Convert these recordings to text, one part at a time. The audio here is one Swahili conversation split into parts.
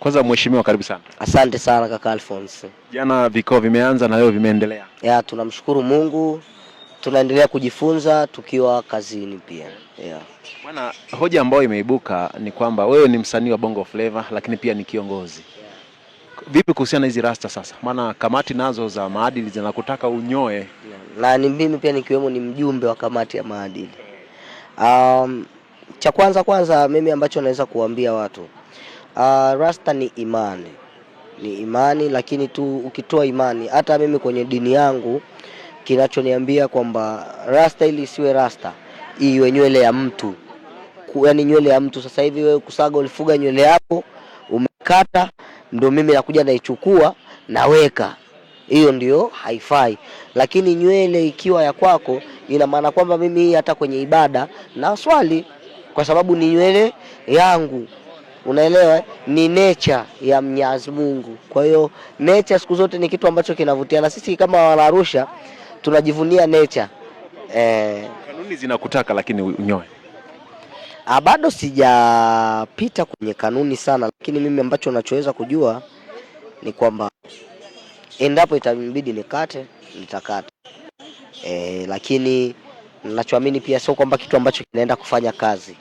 Kwanza mheshimiwa, karibu sana. Asante sana kaka Alphonse. Jana vikao vimeanza na leo vimeendelea. Ya, tunamshukuru Mungu tunaendelea kujifunza tukiwa kazini pia. Yeah. Bwana, hoja ambayo imeibuka ni kwamba wewe ni msanii wa Bongo Flava lakini pia ni kiongozi. Yeah. Vipi kuhusiana na hizi rasta sasa? Maana kamati nazo za maadili zinakutaka unyoe. Yeah. Na mimi pia nikiwemo ni mjumbe wa kamati ya maadili. Um, cha kwanza kwanza mimi ambacho naweza kuambia watu Uh, rasta ni imani, ni imani, lakini tu ukitoa imani, hata mimi kwenye dini yangu kinachoniambia kwamba rasta ili isiwe rasta, iwe nywele ya mtu, yaani nywele ya mtu. Sasa hivi wewe kusaga, ulifuga nywele yako umekata, ndio mimi nakuja naichukua naweka hiyo ndio haifai, lakini nywele ikiwa ya kwako, ina maana kwamba mimi hata kwenye ibada na swali, kwa sababu ni nywele yangu unaelewa, eh? ni nature ya Mwenyezi Mungu. Kwa hiyo nature siku zote ni kitu ambacho kinavutia, na sisi kama Wanaarusha tunajivunia nature eh. Kanuni zinakutaka lakini unyoe ah, bado sijapita kwenye kanuni sana, lakini mimi ambacho nachoweza kujua ni kwamba endapo itabidi nikate nitakata. E, lakini nachoamini pia sio kwamba kitu ambacho kinaenda kufanya kazi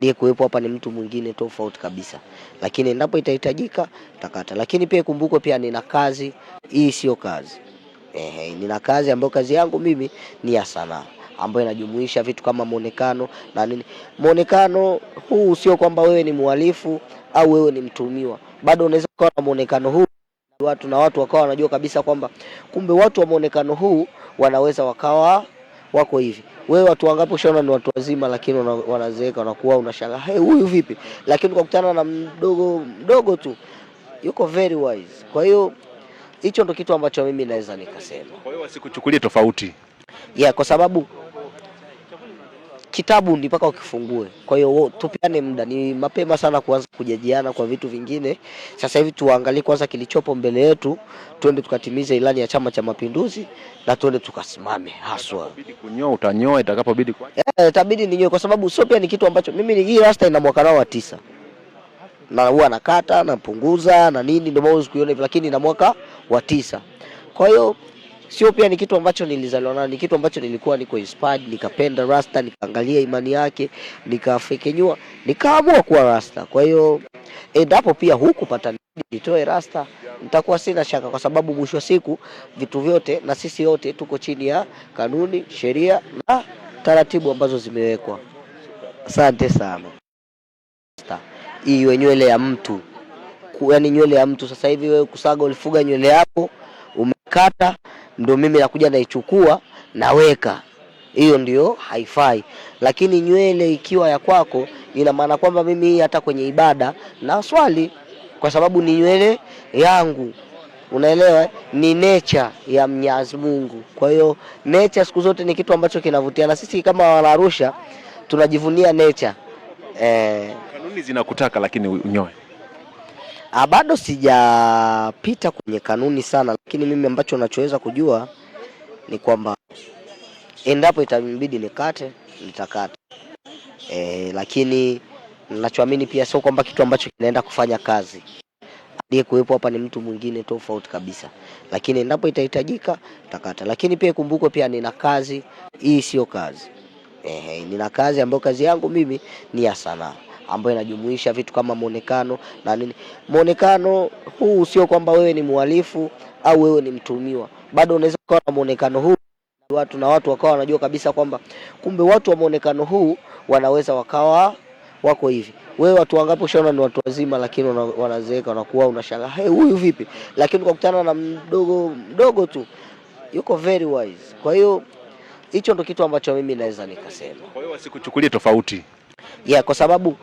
aliyekuwepo hapa ni mtu mwingine tofauti kabisa, lakini endapo itahitajika takata. Lakini pia ikumbukwe pia nina kazi hii, sio kazi ehe, nina kazi ambayo kazi yangu mimi ni ya sanaa ambayo inajumuisha vitu kama mwonekano na nini. Mwonekano huu sio kwamba wewe ni mhalifu au wewe ni mtumiwa, bado unaweza kuwa na mwonekano huu watu na watu wakawa wanajua kabisa kwamba kumbe watu wa mwonekano huu wanaweza wakawa wako hivi. Wewe watu wangapi ushaona ni watu wazima, lakini wanazeeka, wanakuwa unashangaa hey, huyu vipi? Lakini ukakutana na mdogo mdogo tu yuko very wise. Kwa hiyo hicho ndo kitu ambacho mimi naweza nikasema. Kwa hiyo wasikuchukulie tofauti ya yeah, kwa sababu kitabu ni mpaka ukifungue. Kwa hiyo tupeane muda, ni mapema sana kuanza kujajiana kwa vitu vingine. Sasa hivi tuangalie kwanza kilichopo mbele yetu, tuende tukatimize ilani ya Chama cha Mapinduzi na tuende tukasimame haswa. Kunyoa utanyoa itakapobidi, eh, itabidi yeah, ninyoe kwa sababu sio pia ni kitu ambacho mimi ni hii rasta ina mwaka wa tisa na huwa nakata napunguza na nini, ndio maana usikuione, lakini ina mwaka wa tisa. Kwa hiyo sio pia ni kitu ambacho nilizaliwa nayo, ni kitu ambacho nilikuwa niko inspired, nikapenda rasta, nikaangalia imani yake, nikafekenyua, nikaamua kuwa rasta. Kwa hiyo endapo pia hukupata nitoe rasta, nitakuwa sina shaka, kwa sababu mwisho wa siku vitu vyote na sisi yote tuko chini ya kanuni, sheria na taratibu ambazo zimewekwa. Asante sana. Iwe nywele ya mtu, yaani nywele ya mtu. Sasa hivi wewe kusaga, ulifuga nywele yako umekata ndo mimi nakuja naichukua naweka hiyo ndio haifai. Lakini nywele ikiwa ya kwako, ina maana kwamba mimi hata kwenye ibada na swali, kwa sababu ni nywele yangu, unaelewa, ni nature ya Mwenyezi Mungu. Kwa hiyo nature siku zote ni kitu ambacho kinavutia, na sisi kama Wanaarusha tunajivunia nature eh. Kanuni zinakutaka lakini unyoe Ah, bado sijapita kwenye kanuni sana, lakini mimi ambacho nachoweza kujua ni kwamba endapo itabidi nikate nitakata. E, lakini nachoamini pia sio kwamba kitu ambacho kinaenda kufanya kazi. kuwepo hapa ni mtu mwingine tofauti kabisa, lakini endapo itahitajika takata. Lakini pia ikumbukwe pia nina kazi hii, sio kazi. Ehe, nina kazi ambayo kazi yangu mimi ni ya sanaa ambayo inajumuisha vitu kama mwonekano na nini. Mwonekano huu sio kwamba wewe ni mhalifu au wewe ni mtumiwa, bado unaweza kuwa na mwonekano huu watu na watu wakawa wanajua kabisa kwamba kumbe watu wa mwonekano huu wanaweza wakawa wako hivi. Wewe watu wangapi ushaona ni watu wazima, lakini wanazeeka, wanakuwa unashangaa hey, huyu vipi? Lakini ukakutana na mdogo mdogo tu yuko very wise. Kwa hiyo hicho ndo kitu ambacho mimi naweza nikasema. Kwa hiyo wasikuchukulie tofauti ya yeah, kwa sababu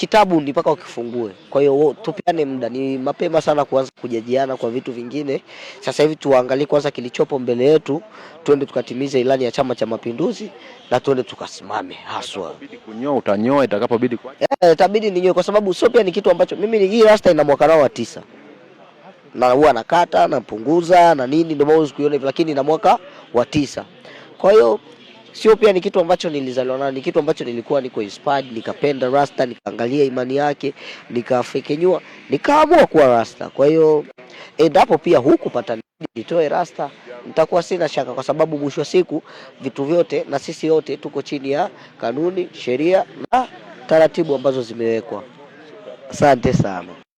kitabu ni mpaka ukifungue. Kwa hiyo tupiane muda, ni mapema sana kuanza kujadiliana kwa vitu vingine. Sasa hivi tuangalie kwanza kilichopo mbele yetu, tuende tukatimize ilani ya Chama cha Mapinduzi na tuende tukasimame haswa. Kunyoa utanyoa itakapobidi, eh, itabidi ninyoe kwa sababu sio pia ni kitu ambacho mimi ni hii rasta ina mwaka nao wa tisa na huwa nakata napunguza na nini, ndio maana usikuione, lakini ina mwaka wa tisa, kwa hiyo sio pia ni kitu ambacho nilizaliwa nayo, ni kitu ambacho nilikuwa niko inspired, nikapenda rasta, nikaangalia imani yake, nikafekenyua, nikaamua kuwa rasta. Kwa hiyo endapo pia hukupata nitoe rasta, nitakuwa sina shaka, kwa sababu mwisho wa siku vitu vyote na sisi yote tuko chini ya kanuni, sheria na taratibu ambazo zimewekwa. Asante sana.